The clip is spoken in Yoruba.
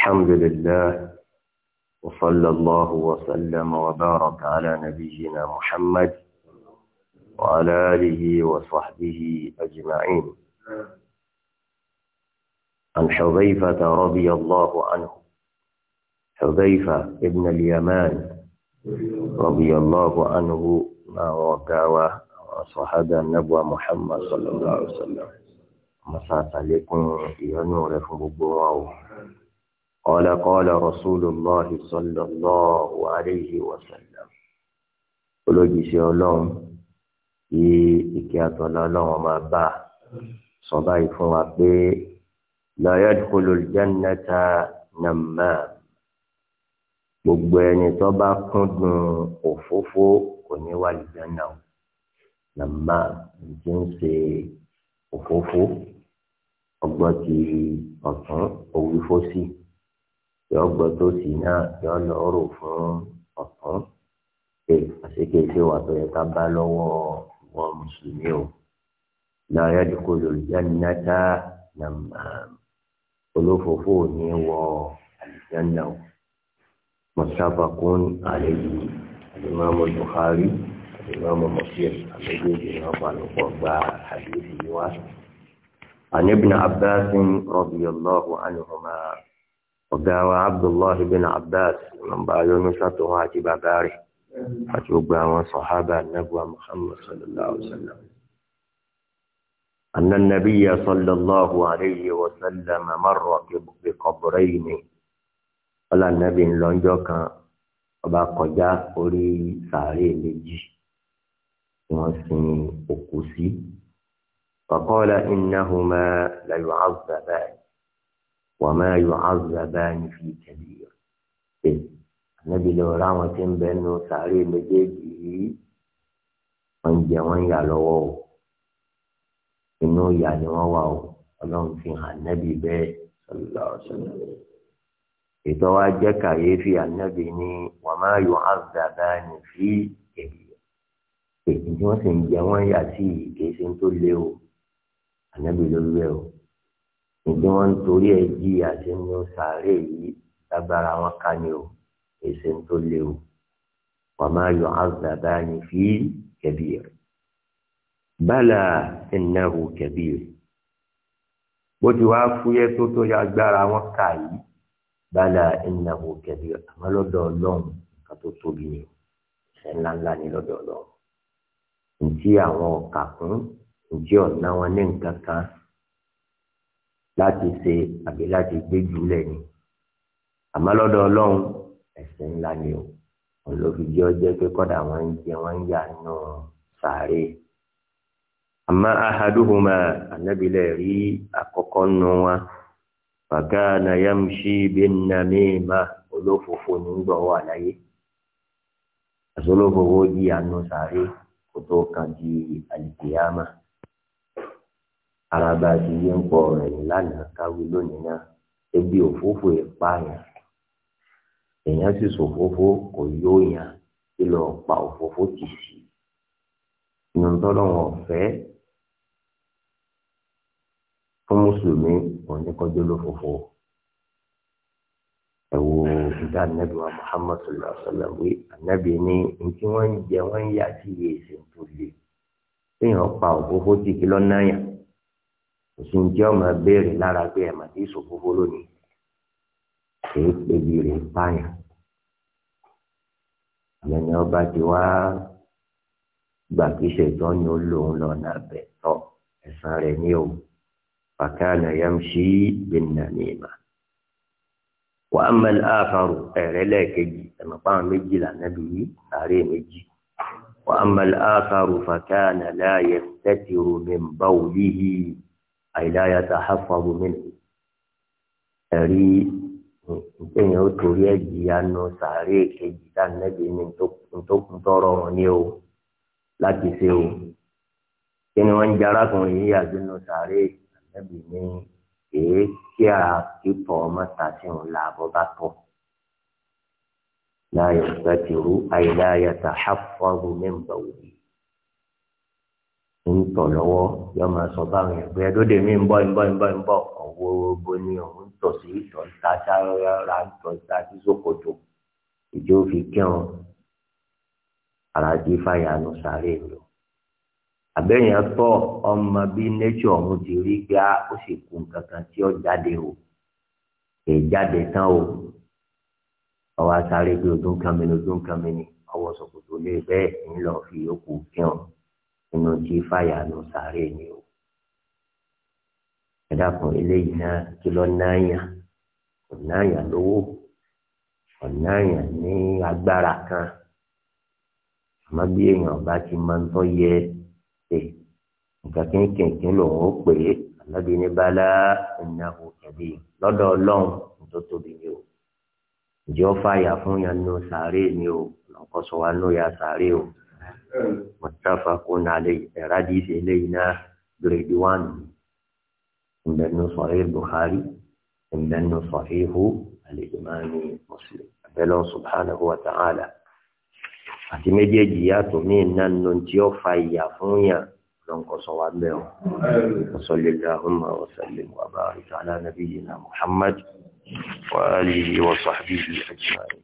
الحمد لله وصلى الله وسلم وبارك على نبينا محمد وعلى آله وصحبه أجمعين عن حذيفة رضي الله عنه حذيفة ابن اليمان رضي الله عنه ما وقاوى صحابة النبوة محمد صلى الله عليه وسلم مساء عليكم نور فمبواه قال قال رسول الله صلى الله عليه وسلم olójúṣe ọlọ́run kí ìkẹ́ àtọ̀nà ọlọ́run máa bá a sọ báyìí fún wa pé la yadkhulul jannata nàmà gbogbo ẹni tó bá kúndùn òfófó kò ní wà lìjánà o nàmà ìdí ń ṣe òfófó ọgbọ́n ti ọ̀tún òwúfó sí i yọ gbọ́ tó sì náà yọ lọ rò fún ọ̀tún ṣe àṣekéṣe wà tó yẹ ká bá lọ́wọ́ ìwọ mùsùlùmí o la yadkhulul jannata namam olófòfò ní wọ àlùjánnà o muttafaqun alayhi al-imam al-bukhari al-imam muslim àlejòjì ní gba àdéhùn yìí عن ابن عباس رضي الله عنهما ọ̀gá wa abdullahi bin abbas nọmba yọnúṣà tó wọn àti bàbá rẹ̀ àti gbogbo àwọn sọ̀hábà nàbùwà muhammad sallallahu alayhi wa sallam. أن النبي صلى الله عليه وسلم مر بقبرين قال النبي لنجو كان ọba kọjá orí sàárè méjì tí wọ́n sin òkú sí. فقال إنهما ليعذبان wà máa yọ azabani fi kabir ṣe ànábì lọ ráwọn tí ń bẹ nu sàárè méjèèjì yìí wọn jẹ wọn yà lọ́wọ́ o inú ìyà ni wọn wà o Ọlọ́run fi hàn ànábì bẹ́ẹ̀ sallallahu sallam ètò wa jẹ kàyéfì ànábì ni wà máa yọ azabani fi kabir ṣe èyí tí wọn sì ń jẹ wọn yà sí kì tó lé o ànábì ló lé o ìdí wọn ń torí ẹ jí àti ní sàárè yìí lágbára wọn ká ní o èsì ń tó lé o wàmá yọ azàbá ni fi kabir bala innahu kabir bó ti wá fúyẹ́ tó tó yọ agbára wọn ká yìí bala innahu kabir àmọ́ lọ́dọ̀ Ọlọ́run nǹkan tó tóbi ni ẹsẹ̀ ńláńlá ni lọ́dọ̀ Ọlọ́run ntí àwọn ọkà ntí ọ̀nà wọn ní nǹkan kan láti ṣe àbí láti gbé jùlẹ̀ ni àmọ́ lọ́dọ̀ ọlọ́run ẹ̀ṣẹ̀ ńlá ni o òun ló fi jẹ́ ọjẹ́ pé kọ́dà wọ́n ń jẹ wọ́n ń yà nù sàárè àmọ́ ahaduhuma anábìlẹ̀ rí àkọ́kọ́ nù wọn fàkànà yamshi bin namima olófòfò nígbà wà láyé àti olófòfò di àánú sàárè kó tó kàn di àlìkìyàmà. Alaba bá ti yé ń pọ ọ̀rọ̀ yìí lánàá káwé lónìí náà ebi òfófó yẹn pààyàn èèyàn sì ṣòfófó kò yóò yàn kí lọ pa òfófó tì sí ìnùtọ́lọ́wọ̀n ọ̀fẹ́ fún mùsùlùmí òníkọjọ́ ló fòfò ẹ wo ìdá anabi wa muhammad sallallahu alaihi wa sallam wí anabi ní ntí wọ́n ń jẹ wọ́n ń yá sí iye ìsìn tó le téèyàn pa òfófó tì kí lọ́nà yàn òsùn jẹ́ ọmọ béèrè lára pé ẹ̀ màdí ìṣòfófó lónìí kìí pébi rè pààyàn àmẹ́ni ọba ti wá gbà kí ṣètò ni ó lòun lọ́nà bẹ̀ tọ́ ẹ̀sán rẹ̀ ní o fàkànà yamshi bin namima wà á mẹ́lẹ́ àfàrò ẹ̀rẹ́ lẹ́ẹ̀kejì ẹ̀mọ̀pá méjìlá nàbí yìí àárẹ̀ méjì. وأما الآخر فكان لا يستتر من بوله àìdáyà tá a há fún abu mélòó ẹ̀rí ìpéyìn ó torí ẹ̀ jìyà nù sàárè kejì dánilẹ́bi ní ntòkùntọ́rọ̀ wọn ní o láti ṣe o kí ni wọ́n ń jara kan yìí àti nù sàárè dánilẹ́bi ní èé kí a kíkọ́ ọmọ tàṣíhùn làbọ̀ bá tọ̀ láyọ̀ sátìrú àìdáyà tá a há fún ń tọ̀ lọ́wọ́ yọ máa sọ báwọn ẹgbẹ́ lóde mi ń bọ̀ ń bọ̀ ń bọ̀ ń bọ̀ ọ̀wọ́ owó ni òun tọ̀ sí ìtọ̀ ta sára ń tọ̀ ta sí ṣòkòtò ìjọ fi kírun alájí fàyànù sáré mi o tọ́ ọmọ bí nature ọ̀hún ti rí gbá ó sì kú nǹkan tí ó jáde o kì í jáde tán o ọwọ́ sáré pé ọdún kan mi ni ọdún kan mi ni ọwọ́ sọ̀kòtò lè bẹ́ẹ̀ ńlọ fi yókù kírun nínú tí fàyà nù sàárè ni o ẹ dákun eléyìí náà kí lọ náàyà kò náàyà lówó kò náàyà ní agbára kan àmọ́ bí èèyàn bá ti máa ń tọ́ yẹ ẹ nǹkan kínkìnkín lòun ó pè é ànábi ní bala ìnáwó ẹbí lọ́dọ̀ Ọlọ́run tó tóbi ni o ǹjẹ́ ó fàyà fún yàn nù sàárè ni o lọ́kọ́ wa nù yà sàárè o. متفق عليه حديث إلينا جريد وان عندنا صحيح البخاري عندنا صحيح الإمام مسلم بلو سبحانه وتعالى àti méjèèjì yàtọ̀ míì náà nù tí ó fa ìyà fún yàn lọ́nkọ́sọ wa bẹ́ẹ̀ o. wasalilahuma wasalim wa barika ala nabiyina muhammad wa alihi wa sahbihi ajma'in.